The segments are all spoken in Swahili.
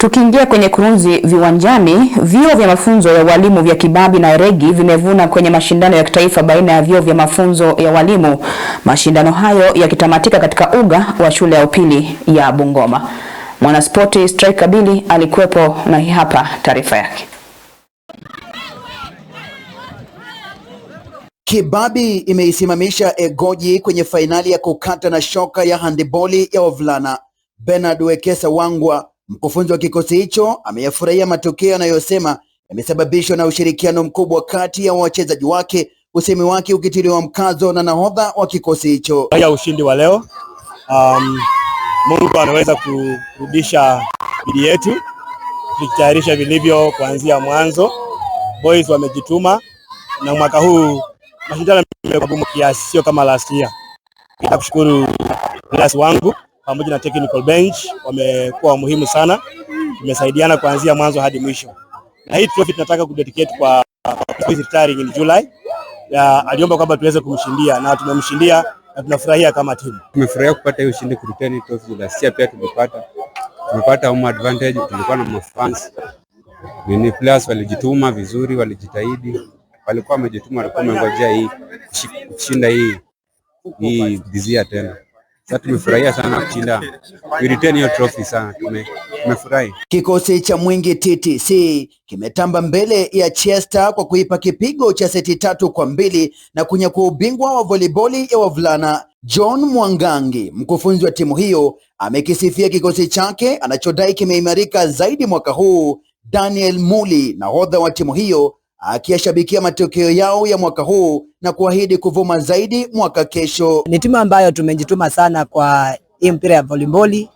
Tukiingia kwenye kurunzi viwanjani, vyuo vya mafunzo ya walimu vya Kibabi na Eregi vimevuna kwenye mashindano ya kitaifa baina ya vyuo vya mafunzo ya walimu, mashindano hayo yakitamatika katika uga wa shule ya upili ya Bungoma. Mwanaspoti Striker Billy alikuwepo na hii hapa taarifa yake. Kibabi imeisimamisha Egoji kwenye fainali ya kukata na shoka ya handiboli ya wavulana. Bernard Wekesa Wangwa Mkufunzi wa kikosi hicho ameyafurahia matokeo yanayosema yamesababishwa na ushirikiano mkubwa kati ya wachezaji wake, usemi wake ukitiliwa mkazo na nahodha wa kikosi hicho. Ya ushindi wa leo, um, Mungu anaweza kurudisha bidii yetu tukitayarisha vilivyo kuanzia mwanzo. Boys wamejituma na mwaka huu mashindano yamekuwa magumu kiasi, sio kama last year. Nitakushukuru wangu pamoja na technical bench wamekuwa muhimu sana, tumesaidiana kuanzia mwanzo hadi mwisho, na hii trophy tunataka kudedicate kwa retiring in July. Ya, aliomba kwamba tuweze kumshindia na tumemshindia na tunafurahia kama timu. Tumefurahia kupata hiyo ushindi kuruteni trophy la sia, pia tumepata tumepata home advantage, tulikuwa na mafans nini, players walijituma vizuri, walijitahidi, walikuwa wamejituma, walikuwa wamengojea hii kushinda hii hii bizia tena. Tumefurahia sana kushinda, we retain your trophy sana, tumefurahi. Kikosi cha Mwingi TTC kimetamba mbele ya Chester kwa kuipa kipigo cha seti tatu kwa mbili na kunyakua ubingwa wa voliboli ya wavulana. John Mwangangi, mkufunzi wa timu hiyo, amekisifia kikosi chake anachodai kimeimarika zaidi mwaka huu. Daniel Muli, nahodha wa timu hiyo akiyashabikia matokeo yao ya mwaka huu na kuahidi kuvuma zaidi mwaka kesho. Ni timu ambayo tumejituma sana kwa hii mpira ya voliboli.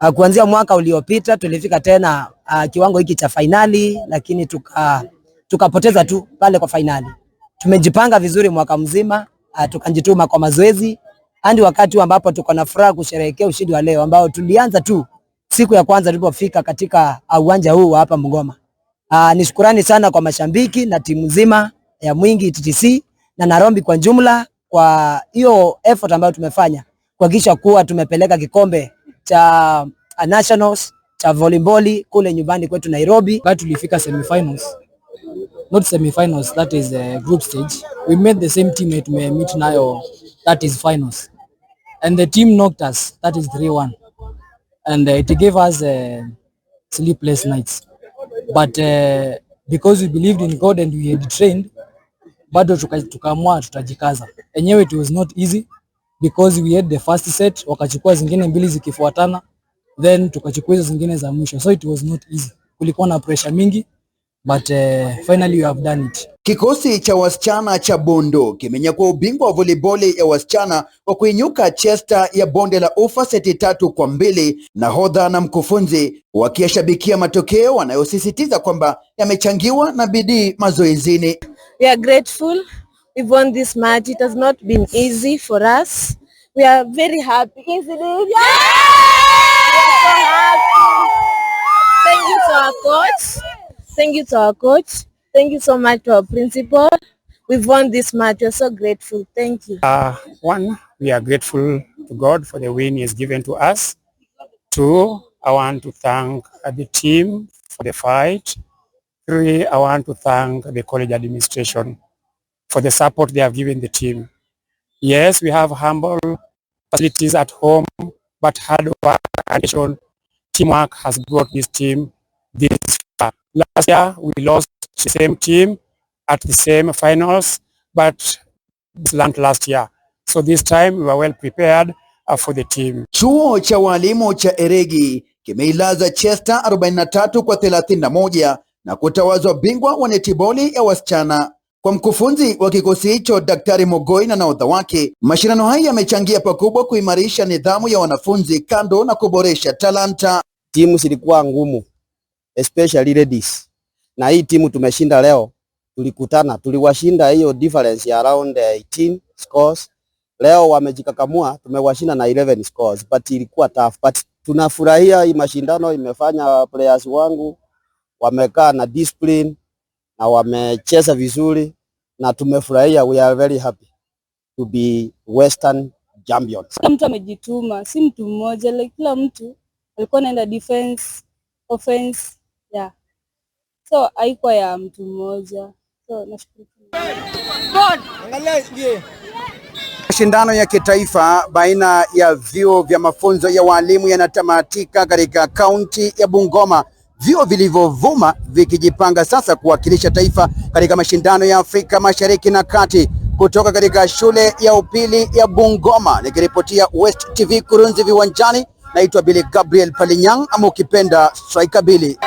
Ah, kuanzia mwaka uliopita tulifika tena uh, kiwango hiki cha fainali, lakini tuka tukapoteza tu pale kwa fainali. Tumejipanga vizuri mwaka mzima, uh, tukajituma kwa mazoezi hadi wakati ambapo tuko na furaha kusherehekea ushindi wa leo ambao tulianza tu siku ya kwanza tulipofika katika uwanja huu wa hapa Mgoma. Aa, ah, ni shukurani sana kwa mashambiki na timu nzima ya Mwingi TTC na Nairobi kwa jumla kwa hiyo effort ambayo tumefanya kuhakikisha kuwa tumepeleka kikombe cha ah, nationals cha volleyball kule nyumbani kwetu Nairobi. But tulifika semifinals. Not semifinals, that is a group stage. We met the same team we meet nayo, that is finals. And the team knocked us, that is 3-1. And uh, it gave us a uh, sleepless nights but uh, because we believed in God and we had trained, bado tukaamua tutajikaza enyewe. It was not easy because we had the first set, wakachukua zingine mbili zikifuatana, then tukachukua hizo zingine za mwisho, so it was not easy. Kulikuwa na pressure mingi But, uh, finally you have done it. Kikosi cha wasichana cha Bondo kimenyakua ubingwa wa voliboli ya wasichana kwa kuinyuka Chester ya bonde la Ufa seti tatu kwa mbili. Nahodha na mkufunzi wakiyashabikia matokeo wanayosisitiza kwamba yamechangiwa na bidii mazoezini. We are grateful. We've won this match. It has not been easy for us. We are very happy. Yeah! Thank you to our coach. Thank you so much to our principal. We've won this match. We're so grateful. Thank you. Uh, one, we are grateful to God for the win he has given to us. Two, I want to thank the team for the fight. Three, I want to thank the college administration for the support they have given the team. Yes, we have humble facilities at home, but hard work and teamwork has brought this team this Last year we lost the same team at the same finals but learned last year so this time we were well prepared uh, for the team. Chuo cha walimu cha Eregi kimeilaza Chester 43 kwa 31 na kutawazwa bingwa wa netiboli ya wasichana. Kwa mkufunzi wa kikosi hicho Daktari Mogoi na naodha wake, mashindano haya yamechangia pakubwa kuimarisha nidhamu ya wanafunzi kando na kuboresha talanta. Timu zilikuwa ngumu especially ladies. Na hii timu tumeshinda leo, tulikutana tuliwashinda hiyo difference ya around 18 scores. Leo wamejikakamua, tumewashinda na 11 scores, but ilikuwa tough, but tunafurahia hii mashindano. Imefanya players wangu wamekaa na discipline na wamecheza vizuri na tumefurahia, we are very happy to be western champions. Kila mtu amejituma, si mtu mmoja like, kila mtu alikuwa anaenda defense offense yeah. So haikuwa ya mtu mmoja. So Mashindano ya kitaifa baina ya vyuo vya mafunzo ya walimu yanatamatika katika kaunti ya Bungoma, vyuo vilivyovuma vikijipanga sasa kuwakilisha taifa katika mashindano ya Afrika Mashariki na Kati. Kutoka katika shule ya upili ya Bungoma, nikiripotia West TV Kurunzi viwanjani, naitwa Billy Gabriel Palinyang ama ukipenda Striker Billy.